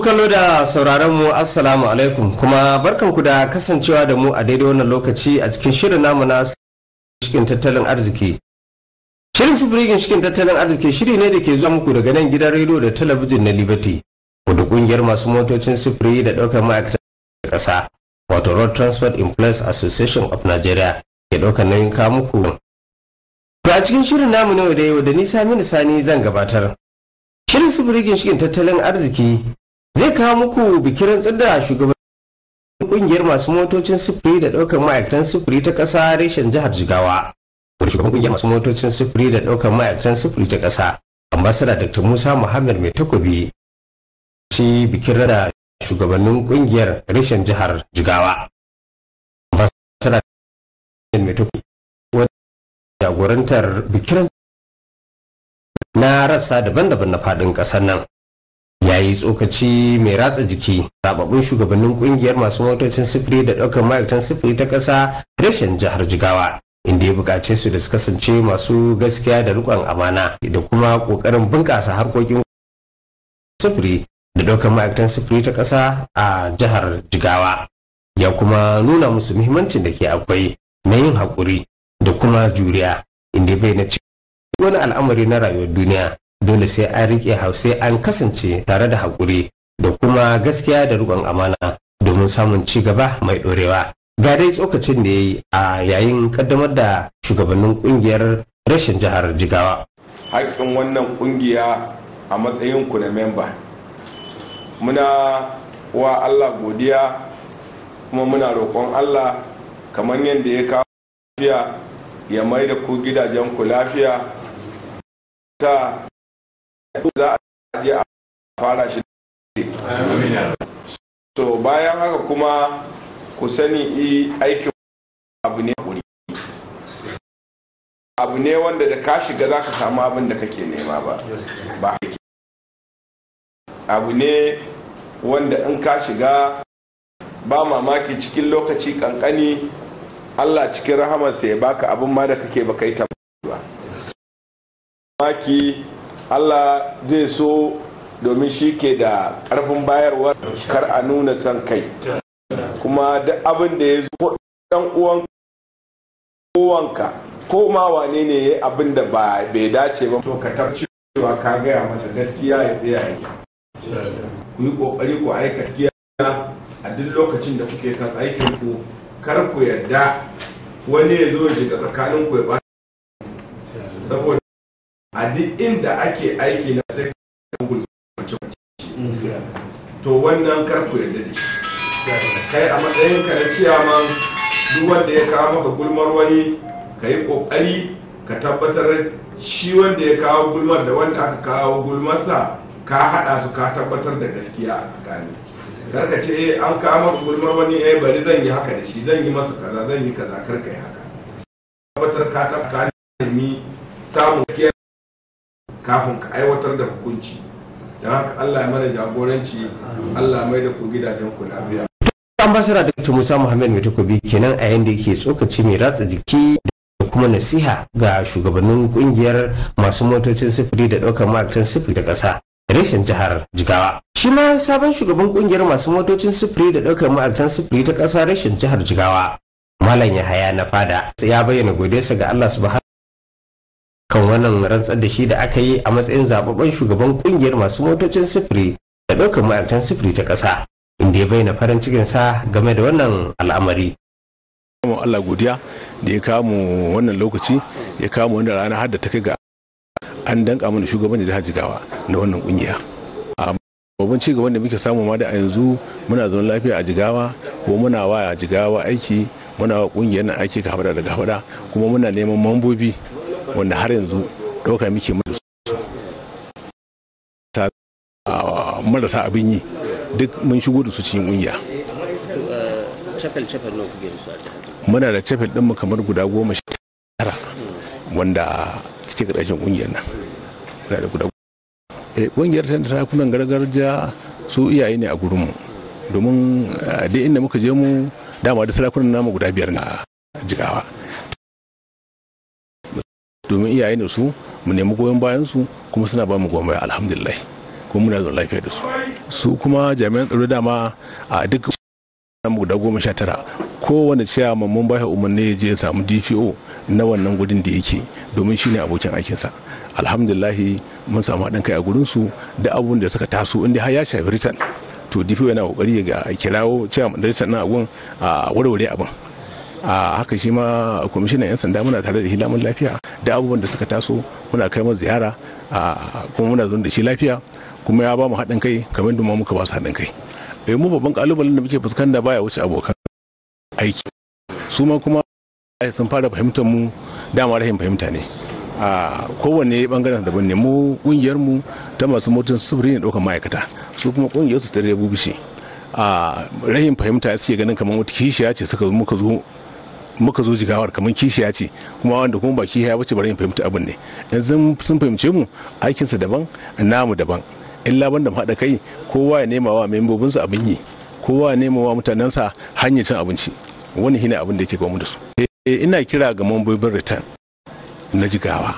kallo da sauraron mu Assalamu alaikum kuma barkanku da kasancewa da mu a daidai wannan lokaci a cikin shirin namu na cikin tattalin arziki. Shirin sufurigin cikin tattalin arziki shiri ne da ke zuwa muku daga nan gidan rediyo da talabijin na Liberty da kungiyar masu motocin sufuri da ɗaukar ma'aikatan kasa wato Road Transport employers Association of Nigeria ke daukar nauyin kawo muku. To a cikin shirin namu ne da yau da nisa mini sani zan gabatar. Shirin sufurigin shirin tattalin arziki zai kawo muku bikirin tsada shugaban kungiyar masu motocin sufuri da ɗaukar ma'aikatan sufuri ta ƙasa reshen jihar jigawa wani shugaban kungiyar masu motocin sufuri da ɗaukar ma'aikatan sufuri ta ƙasa ambasada dr musa muhammad mai takobi shi bikin da shugabannin kungiyar reshen jihar jigawa ambasada Dr. mai takobi wani jagorantar bikin na rassa daban-daban na faɗin ƙasar nan yayi tsokaci mai ratsa jiki zababbun shugabannin kungiyar masu motocin sifiri da ɗaukar ma'aikatan sufuri ta ƙasa reshen jihar jigawa inda ya buƙace su da su kasance masu gaskiya da riƙon amana da kuma ƙoƙarin bunƙasa harkokin sifiri da ɗaukar ma'aikatan sufuri ta ƙasa a jihar jigawa ya kuma nuna musu muhimmancin da ke akwai na yin haƙuri da kuma juriya inda bai na wani al'amari na rayuwar duniya dole sai an rike sai an kasance tare da haƙuri da kuma gaskiya da riƙon amana domin samun ci gaba mai ɗorewa. Ga dai tsokacin da ya yi a yayin kaddamar da shugabannin ƙungiyar rashin jihar Jigawa. Haƙƙin wannan ƙungiya a matsayin ku na memba. Muna wa Allah godiya kuma muna roƙon Allah kamar yadda ya kawo lafiya ya mai da ku gidajen ku lafiya za a je a fara shi so bayan haka kuma ku sani aikin abu ne kuri abu ne wanda da ka shiga za ka samu abin da kake nema ba ba abu ne wanda in ka shiga ba mamaki cikin lokaci kankani allah cikin rahamarsa ya baka abin ma da kake baka yi ba maki allah zai so domin shi ke da ƙarfin bayarwa kar a nuna son kai kuma duk abin da ya zo ɗan uwan kowanka ko ma wane ne ya abin da bai dace ba to ka cewa ka gaya masa gaskiya ya tsaya yi ku yi ƙoƙari ku aika gaskiya a duk lokacin da kuke kan aikin ku kar ku yarda wani ya zo shiga tsakanin ku ya ba saboda a duk inda ake aiki na sai google mm. to wannan karku ya da shi kai a matsayin ka na ciyaman duk wanda ya kawo maka gulmar wani ka yi kokari ka tabbatar shi wanda ya kawo gulmar da wanda aka kawo gulmarsa ka haɗa su ka tabbatar da gaskiya a tsakani karka ce eh, an kawo maka gulmar wani eh bari zan yi haka da shi zan yi masa kaza zan yi kaza karka yi haka tabbatar ka tabbatar samun gaskiya kafin ka aiwatar da hukunci don haka Allah ya mana jagoranci Allah mai da ku gidajen ku lafiya ambasara Dr. Musa Muhammad Takobi kenan a yadda yake tsokaci mai ratsa jiki da kuma nasiha ga shugabannin kungiyar masu motocin sifiri da ɗaukar ma'aikatan sifiri da ƙasa reshen jihar Jigawa. Shi ma sabon shugaban kungiyar masu motocin sifiri da ɗaukar ma'aikatan sifiri ta ƙasa reshen jihar Jigawa. Malam Yahaya na fada ya bayyana godiyarsa ga Allah subhanahu kan wannan rantsar da shi da aka yi a matsayin zababben shugaban kungiyar masu motocin sifiri da ɗaukar ma'aikatan sifiri ta ƙasa inda ya bayyana farin cikin sa game da wannan al'amari. Allah godiya da ya kamu wannan lokaci ya kamu wannan rana har da ta kai ga an danka mana da jihar Jigawa na wannan kungiya. babban ci gaban da muke samu ma da a yanzu muna zaune lafiya a jigawa ko muna wa a jigawa aiki muna wa kungiyar nan aiki ka da gafada kuma muna neman mambobi wanda har yanzu ɗauka muke marasa abin yi duk mun shigo da su cikin ƙungiya muna da cefel ɗinmu kamar guda goma sha tara wanda suke ƙarshen ƙungiyar nan na da guda eh, ƙungiyar ta sarakunan gargajiya su iyaye ne a gurinmu domin eh, duk inda muka je mu dama da sarakunan namu guda biyar na jigawa domin iyaye ne su mu nemi goyon bayan su kuma suna ba mu goyon alhamdulillah kuma muna zaune lafiya da su su kuma jami'an tsaro dama a duk mu da goma sha tara kowane ciyaman mun bashi umarni ya je ya samu dpo na wannan gudun da yake domin shine abokin aikinsa alhamdulillah mun samu haɗin kai a gurin su da abun da suka taso inda har ya shafi ritan to dpo yana kokari ga kirawo ciyaman da ritan na a warware abin a haka shi ma kwamishinan 'yan sanda muna tare da shi lamun lafiya da abubuwan da suka taso muna kai mu ziyara kuma muna zuwa da shi lafiya kuma ya ba mu haɗin kai kamar duma muka ba su haɗin kai bai eh, mu babban kalubalen da muke fuskanta baya wuce abokan aiki su ma kuma sun fara fahimtar mu dama rahin fahimta ne a kowanne bangaren daban ne mu kungiyar mu ta masu motin sufuri ne daukan ma'aikata su kuma kungiyar su ta rebu bishi a rahin fahimta suke ganin kamar wata kishiya ce suka muka zo muka zo jigawar kamar kishiya ce kuma wanda kuma ba kishiya bace bari in fahimta abin ne yanzu sun fahimce mu aikin sa daban namu daban illa banda haɗa kai kowa ya nema wa membobin sa abin yi kowa ya nema wa mutanensa hanyar cin abinci wani hina abin da yake kuma da su eh, ina kira ga mambobin return na jigawa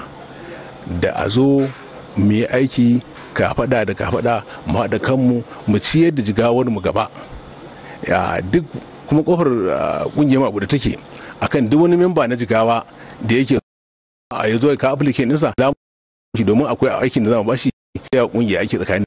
da a zo mu yi aiki ka faɗa da ka faɗa mu haɗa kanmu mu ciyar da jigawar mu gaba duk kuma kofar kungiyar ah, mabuda take akan duk wani memba na jigawa da yake a ya zo aplike nisa za mu shi domin akwai aikin da za mu bashi ya kungiya ake tsakani.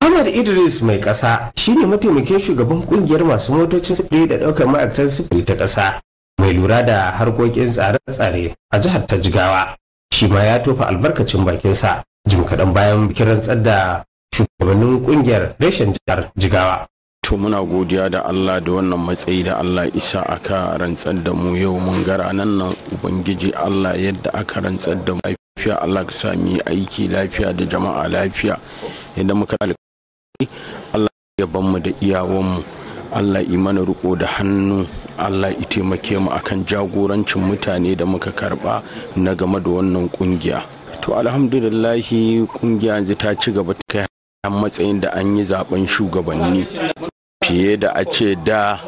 Ahmad Idris mai ƙasa shine mataimakin shugaban kungiyar masu motocin sifiri da ɗaukar ma'aikatan sifiri ta kasa mai lura da harkokin tsare-tsare a jihar ta Jigawa. Shi ma ya tofa albarkacin bakinsa jim kaɗan bayan bikin rantsar da shugabannin kungiyar reshen jihar Jigawa. to muna godiya da Allah da wannan matsayi da Allah isa aka rantsar da mu yau mun gara nan nan ubangiji Allah yadda aka rantsar da mu lafiya Allah ka sami aiki lafiya da jama'a lafiya yadda muka alƙali Allah ya ban mu da iyawanmu Allah yi mana riko da hannu Allah ya taimake mu akan jagorancin mutane da muka karba na game da wannan kungiya to alhamdulillahi kungiya yanzu ta ci gaba ta kai a matsayin da an yi zaben shugabanni fiye da a ce da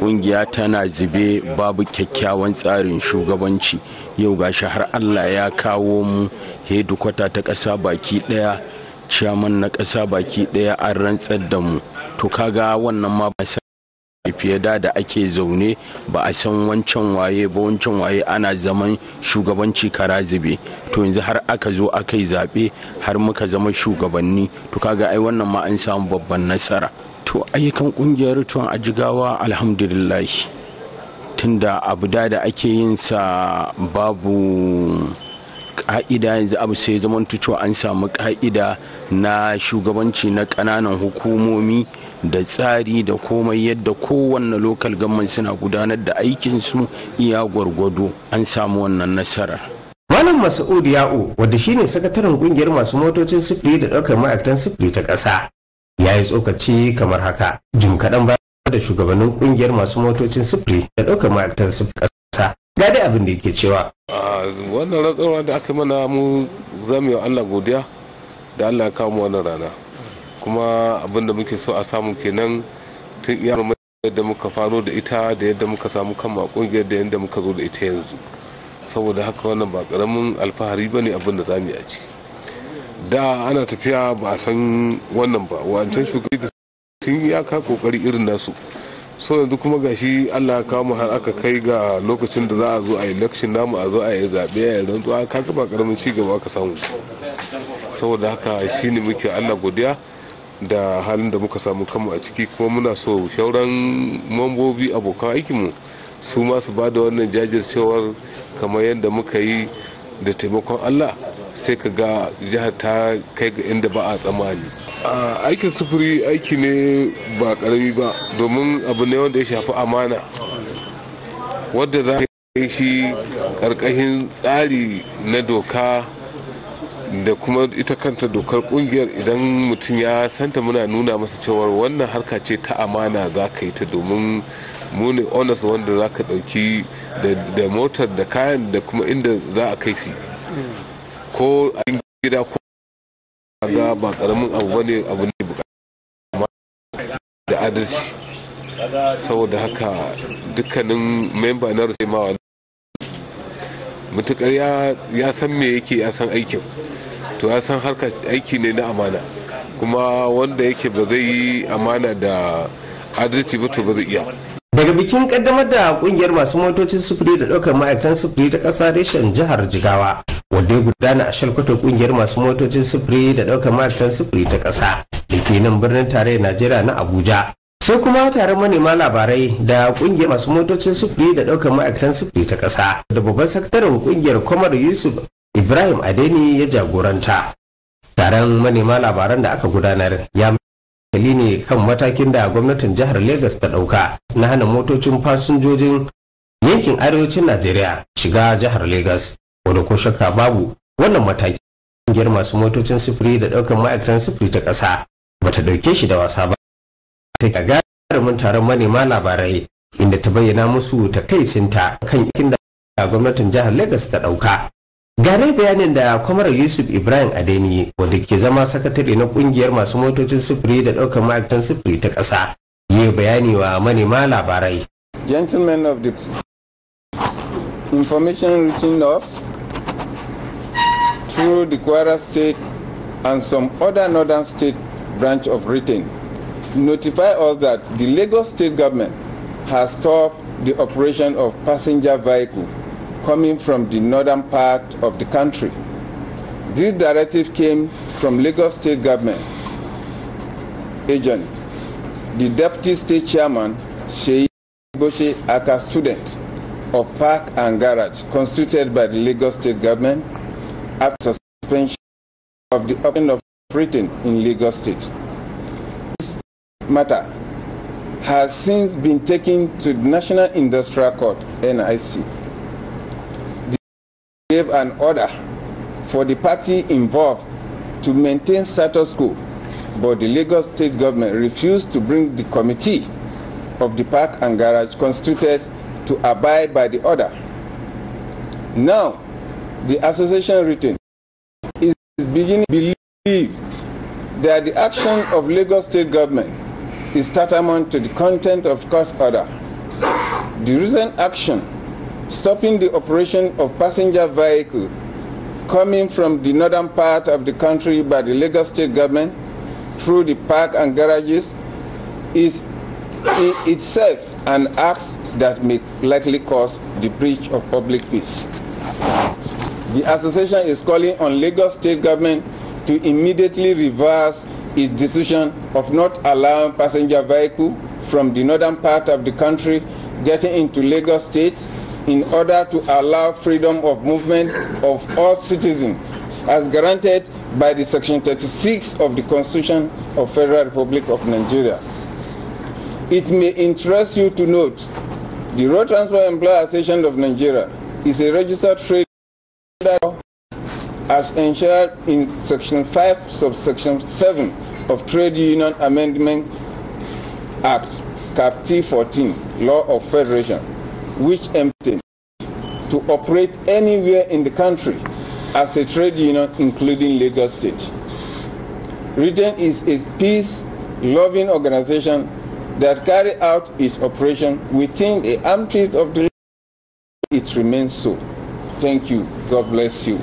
kungiya tana zube babu kyakkyawan tsarin shugabanci yau gashi har allah ya kawo mu hedikwata ta ƙasa baki ɗaya ciyaman na kasa baki ɗaya an rantsar da mu to kaga wannan ma ba fiye da da ake zaune ba a san wancan waye ba wancan waye ana zaman shugabanci kara to yanzu har aka zo aka yi zaɓe har muka zama shugabanni to kaga ai wannan ma an samu babban nasara to ayyukan kungiyar tuwon ajigawa alhamdulillah tunda abu da da ake yin sa babu ka'ida yanzu abu sai zaman cewa an samu ka'ida na shugabanci na ƙananan hukumomi da tsari da komai yadda kowanne lokal gamman suna gudanar da aikinsu iya gwargwado an samu wannan nasarar malam masa'ud ya'u wadda shine sakataren kungiyar masu motocin sifiri da ɗaukar ma'aikatan sifiri ta ƙasa ya yi tsokaci kamar haka jim kaɗan ba da shugabannin kungiyar masu motocin sifiri da ɗaukar ma'aikatan sifiri ƙasa ga dai abin da yake cewa wannan ratsawa da aka mana mu zamu yi Allah godiya da Allah ya kawo mu wannan rana kuma abin da muke so a samu kenan tun iyalin yadda muka faro da ita da yadda muka samu kan kungiyar da yadda muka zo da ita yanzu saboda haka wannan ba karamin alfahari ba ne abin da za mu yi a ci da ana tafiya ba a san wannan ba wancan shugabanni da sun yi ka kokari irin nasu so yanzu kuma gashi allah ya kawo mu har aka kai ga lokacin da za a zo a yi election namu a zo a yi zaɓe a yi rantsuwa kaga ba karamin cigaba gaba ka samu saboda haka shine muke allah godiya da halin da muka samu kama a ciki kuma muna so shauran mambobi abokan aikinmu su ma su ba da wannan jajircewar kamar yadda muka yi da taimakon allah sai ka ga jihar ta kai ga inda ba a tsammani aikin sufuri aiki ne ba karami ba domin abu ne wanda ya shafi amana wadda za a yi shi karkashin tsari na doka da kuma ita kanta dokar kungiyar idan mutum ya santa muna nuna masa cewar wannan harka ce ta amana za ka yi ta domin mu ne onas wanda za ka ɗauki da motar da kayan da kuma inda za a kai shi ko a gida ko ga ba karamin abu ba ne abu ne da adalci saboda haka dukkanin memba na rusemawa mutukar ya san me yake ya san aikin to ya san harka aiki ne na amana kuma wanda yake ba zai yi amana da adalci ba to ba zai iya daga bikin kaddamar da kungiyar masu motocin sufuri da ɗaukar ma'aikatan sufuri ta kasa reshen jihar jigawa wanda ya gudana a shalkwato kungiyar masu motocin sufuri da ɗaukar ma'aikatan sufuri ta ƙasa da ke nan birnin tarayyar najeriya na abuja sai kuma taron manema labarai da kungiyar masu motocin sufuri da ɗaukar ma'aikatan sufuri ta kasa da babban sakataren kungiyar Komar yusuf ibrahim adeni ya jagoranta taron manema labaran da aka gudanar ya mai ne kan matakin da gwamnatin jihar Legas ta ɗauka na hana motocin fasinjojin yankin arewacin Najeriya shiga jihar Legas. Wanda ko shakka babu wannan mataki ƙungiyar masu motocin sufuri da ɗaukar ma'aikatan sufuri ta ƙasa ba ta ɗauke shi da wasa ba. Sai ka mun taron manema labarai inda ta bayyana musu takaicinta kan ikin da gwamnatin jihar Legas ta ɗauka Gare bayanin da kwamar yusuf ibrahim adeni wanda ke zama sakatare na kungiyar masu motocin sufuri da ɗaukar ma'aikatan sufuri ta ƙasa yi bayani wa manema labarai gentlemen of the information reaching us through the kwara state and some other northern state branch of britain notify us that the lagos state government has stopped the operation of passenger vehicle coming from the northern part of the country. This directive came from Lagos State Government agent, the Deputy State Chairman, Sheyi Boshe Aka student of Park and Garage constituted by the Lagos State Government after suspension of the opening of printing in Lagos State. This matter has since been taken to the National Industrial Court, NIC gave an order for the party involved to maintain status quo, but the Lagos state government refused to bring the committee of the park and garage constituted to abide by the order. Now, the association written is beginning to believe that the action of Lagos state government is tantamount to the content of court order. The recent action stopping the operation of passenger vehicles coming from the northern part of the country by the Lagos state government through the park and garages is in itself an act that may likely cause the breach of public peace. The association is calling on Lagos state government to immediately reverse its decision of not allowing passenger vehicles from the northern part of the country getting into Lagos state in order to allow freedom of movement of all citizens as guaranteed by the section 36 of the Constitution of Federal Republic of Nigeria. It may interest you to note the Road Transport Employer Association of Nigeria is a registered trade as ensured in section 5 subsection 7 of Trade Union Amendment Act, Cap T14, Law of Federation. which empty to operate anywhere in the country as a trade union including Lagos State. Region is a peace-loving organization that carry out its operation within the ambit of the it remains so. Thank you. God bless you.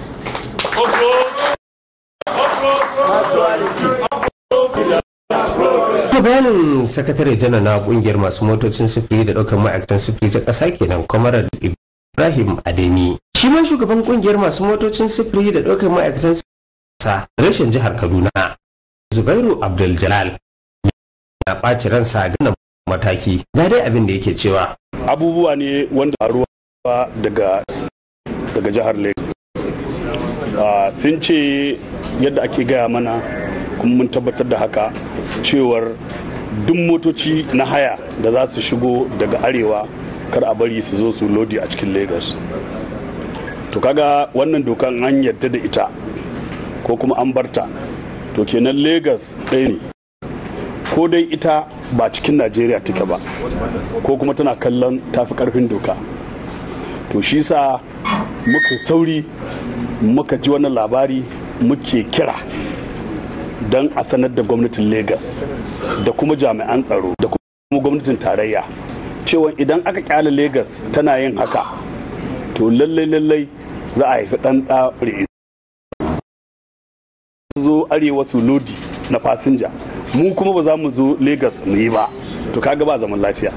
wakilin sakatare janar na kungiyar masu motocin sufuri da ɗaukar ma'aikatan sufuri ta ƙasa kenan kwamarar ibrahim adeni shi ma shugaban kungiyar masu motocin sufuri da ɗaukar ma'aikatan sa rashin jihar kaduna zubairu abdul jalal ya ɓaci ransa ganin mataki ga dai abin da yake cewa abubuwa ne wanda ruwa daga daga jihar lagos ah, sun ce yadda ake gaya mana kuma mun tabbatar da haka cewar duk motoci na haya da za su shigo daga arewa kar a bari su zo su lodi a cikin lagos to kaga wannan dokan an yarda da ita ko kuma an barta to kenan lagos ɗaya ne ko dai ita ba cikin najeriya take ba ko kuma tana kallon tafi karfin doka to shi sa muka sauri muka ji wannan labari muke kira don a sanar da gwamnatin lagos da kuma jami'an tsaro da kuma gwamnatin tarayya cewa idan aka kyale lagos tana yin haka to lallai lallai za a haifi dan zo arewa su lodi na fasinja mu kuma ba za mu zo lagos mu yi ba to kaga ba zaman lafiya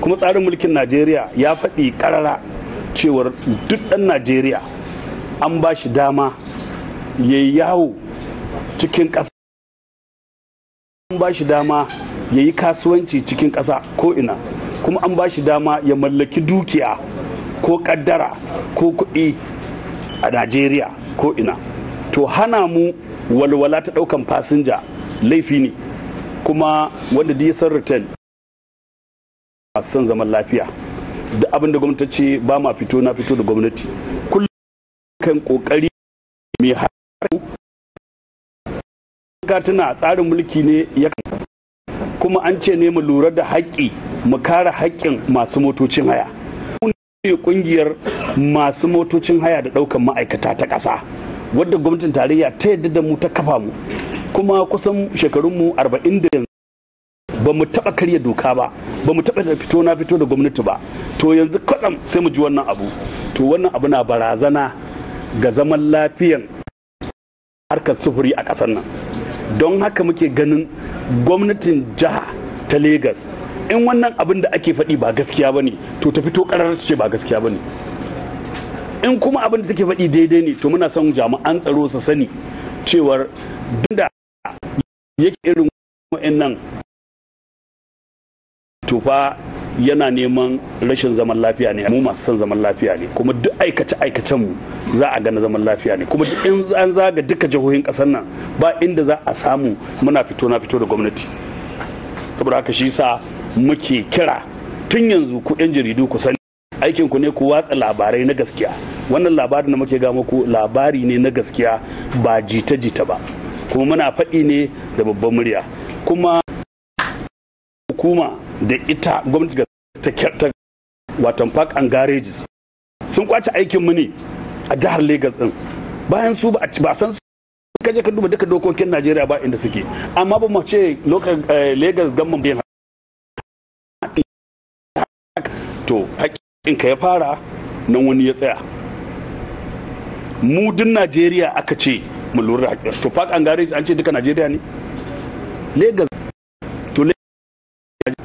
kuma tsarin mulkin najeriya ya faɗi ƙarara cewar duk ɗan najeriya an ba shi dama ya yawo cikin ƙasa an ba shi dama ya yi kasuwanci cikin ƙasa ko ina kuma an ba shi dama ya mallaki dukiya ko ƙaddara ko kuɗi a najeriya ko ina to hana mu walwala ta ɗaukan fasinja laifi ne kuma wanda da san return masu son zaman lafiya da abin da gwamnati ce ba ma fito na fito da gwamnati kullum kan ƙoƙari mai ka tuna tsarin mulki ne ya kuma an ce ne mu lura da haƙƙi mu kare haƙƙin masu motocin haya kungiyar masu motocin haya da ɗaukan ma'aikata ta ƙasa wadda gwamnatin tarayya ta yadda da mu ta kafa mu kuma kusan shekarun mu arba'in da yanzu ba mu taɓa karya doka ba ba mu taɓa da fito na fito da gwamnati ba to yanzu kwatsam sai mu ji wannan abu to wannan abu na barazana ga zaman lafiyan harkar sufuri a ƙasar nan don haka muke ganin gwamnatin jiha ta Legas in wannan abin da ake faɗi ba gaskiya ba ne to ta fito ƙarar ce ba gaskiya ba ne in kuma abin da take faɗi daidai ne to muna son jami'an tsaro su sani cewar da yake irin wa'annan to fa yana neman rashin zaman lafiya ne mu masu son zaman lafiya ne kuma duk aikace aikacen mu za a gana zaman lafiya ne kuma in an zaga duka jihohin kasar nan ba inda za a samu muna fito na fito da gwamnati saboda haka shi sa muke kira tun yanzu ku yan jaridu ku sani aikin ku ne ku watsa labarai na gaskiya wannan labarin da muke ga muku labari ne na gaskiya ba jita jita ba kuma muna faɗi ne da babban murya kuma hukuma da ita gwamnati ta watan park and garages sun kwace aikin mu ne a jihar Legas din bayan su ba san su kaje ka duba duka dokokin Najeriya ba inda suke amma ba mu ce eh, Legas gamman biyan to haƙƙin ka ya fara nan wani ya tsaya mu din Najeriya aka ce mu lura to park and garage an ce duka Najeriya ne Legas to Legas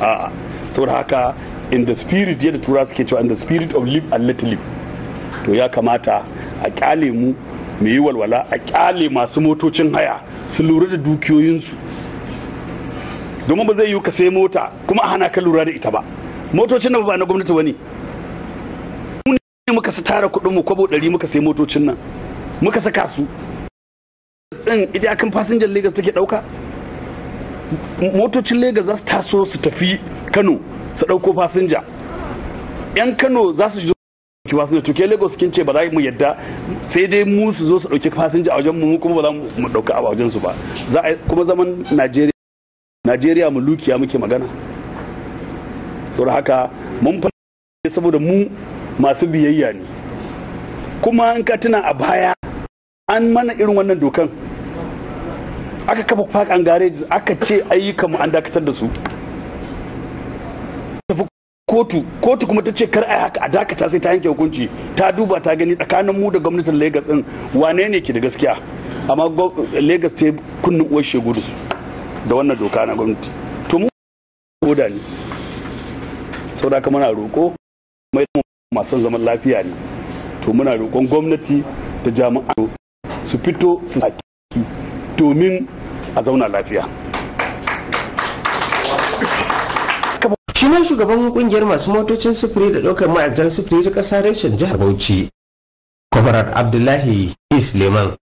a'a saboda haka in the spirit yadda tura suke cewa in the spirit of live and let live to ya kamata a kyale mu mu yi walwala a kyale masu motocin haya su lura da dukiyoyinsu domin ba zai yi ka sai mota kuma a hana ka lura da ita ba motocin nan ba na gwamnati wani. ne muka su tara kuɗin mu kwabo ɗari muka sai motocin nan muka saka su din ita akan fasinjan Legas take ɗauka motocin Legas za su taso su tafi Kano su ɗauko fasinja yan kano za su su ɗauki fasinja to ke lagos kin ce ba za mu yadda sai dai mu su zo su ɗauki fasinja a wajen mu kuma ba za mu ɗauka a wajen su ba za a kuma zaman najeriya najeriya mu lukiya muke magana saboda haka mun fara saboda mu masu biyayya ne kuma in ka tuna a baya an mana irin wannan dokan aka kafa park and garage aka ce ayyukanmu an dakatar da su kotu kotu kuma ta ce kar a haka a dakata sai ta yanke hukunci ta duba ta gani tsakanin mu da gwamnatin Lagos din wane ne ke da gaskiya amma Lagos ta kunnin uwar shegudu da wannan doka na gwamnati to mu goda ne saboda haka muna roƙo mai masu zaman lafiya ne to muna roƙon gwamnati da jami'an su fito su saki domin a zauna lafiya shi ne shugaban kungiyar masu motocin sufuri da ɗaukar ma'aikatan sufuri ta ƙasa reshen jihar bauchi kwabarar abdullahi isleman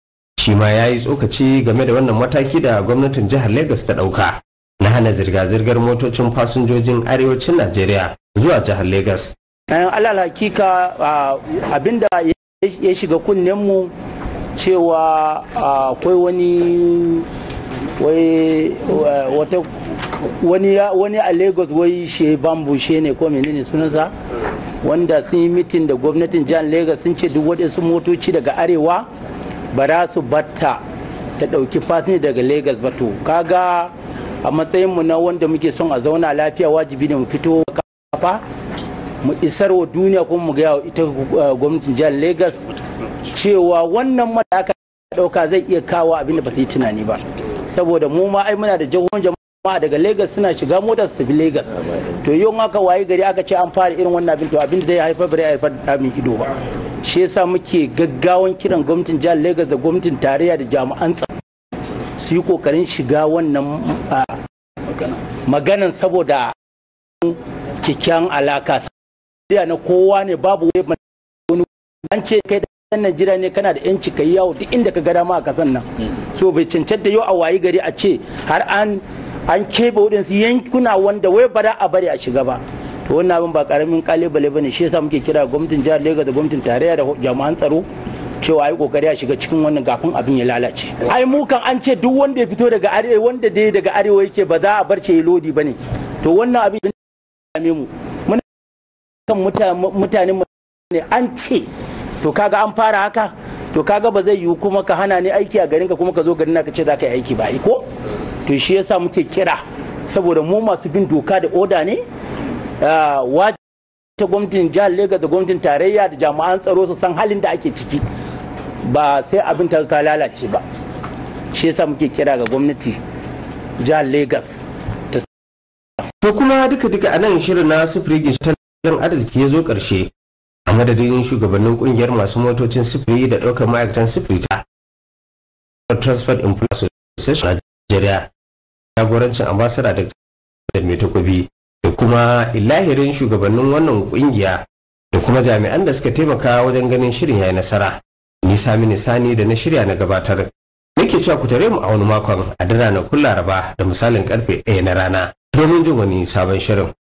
shi ma ya yi tsokaci game da wannan mataki da gwamnatin jihar lagos ta ɗauka na hana zirga-zirgar motocin fasinjojin arewacin najeriya zuwa jihar lagos alal hakika abinda ya shiga kunnenmu cewa akwai wani wata wani a lagos wai she bambu she ne ko menene sunansa wanda sun yi mitin da gwamnatin jihar lagos sun ce duk waɗansu motoci daga arewa ba za su batta ta ɗauki fasinja daga lagos ba to kaga a matsayinmu na wanda muke son a zauna lafiya wajibi ne mu fito kafa mu isar wa duniya kuma mu gaya wa ita eh, gwamnatin jihar lagos cewa wannan mata aka ɗauka zai iya kawo abin da ba su yi tunani ba saboda mu ma ai muna da jama'a. ba daga Lagos suna shiga mota su tafi Lagos to yau haka waye gari aka ce an fara irin wannan abin to abin da ya haifar bari ya haifar da min ido ba shi yasa muke gaggawan kiran gwamnatin jihar Lagos da gwamnatin tarayya da jami'an tsaro su yi kokarin shiga wannan maganan saboda kikyan alaka na kowa ne babu wani an ce kai da dan Najeriya ne kana da yanci kai yawo duk inda ka ga dama a kasan nan so bai cancanta yau a wayi gari a ce har an an keɓe waɗansu yankuna wanda wai ba a bari a shiga ba to wannan abin ba karamin kalibale bane shi yasa muke kira gwamnatin jihar Lagos da gwamnatin tarayya da jami'an tsaro cewa ai kokari a shiga cikin wannan gafin abin ya lalace ai mu kan an ce duk wanda ya fito daga arewa wanda dai daga arewa yake ba za a bar ce lodi bane to wannan abin da ya mu muna kan mutane ne an ce to kaga an fara haka to kaga ba zai yiwu kuma ka hana ni aiki a garinka kuma ka zo garin ka ce za ka yi aiki ba ko to shi yasa muke kira saboda mu masu bin doka da oda ne ah, ta gwamnatin jihar Legas da gwamnatin tarayya da jami'an tsaro su san halin da ake ciki ba sai abin ta ta lalace ba shi yasa muke kira ga gwamnati jihar Legas to kuma duka duka anan shirin na sufuri gishirin arziki ya zo karshe a madadin shugabannin kungiyar masu motocin sufuri da ɗaukar ma'aikatan sufuri ta transport employees association Nigeria jagorancin ambasada da mai takobi da kuma ilahirin shugabannin wannan kungiya da kuma jami'an da suka taimaka wajen ganin shirin yayi nasara nisa mini sani da na shirya na gabatar nake cewa ku tare mu a wani makon a dana na kun laraba da misalin karfe 1 na rana domin jin wani sabon shirin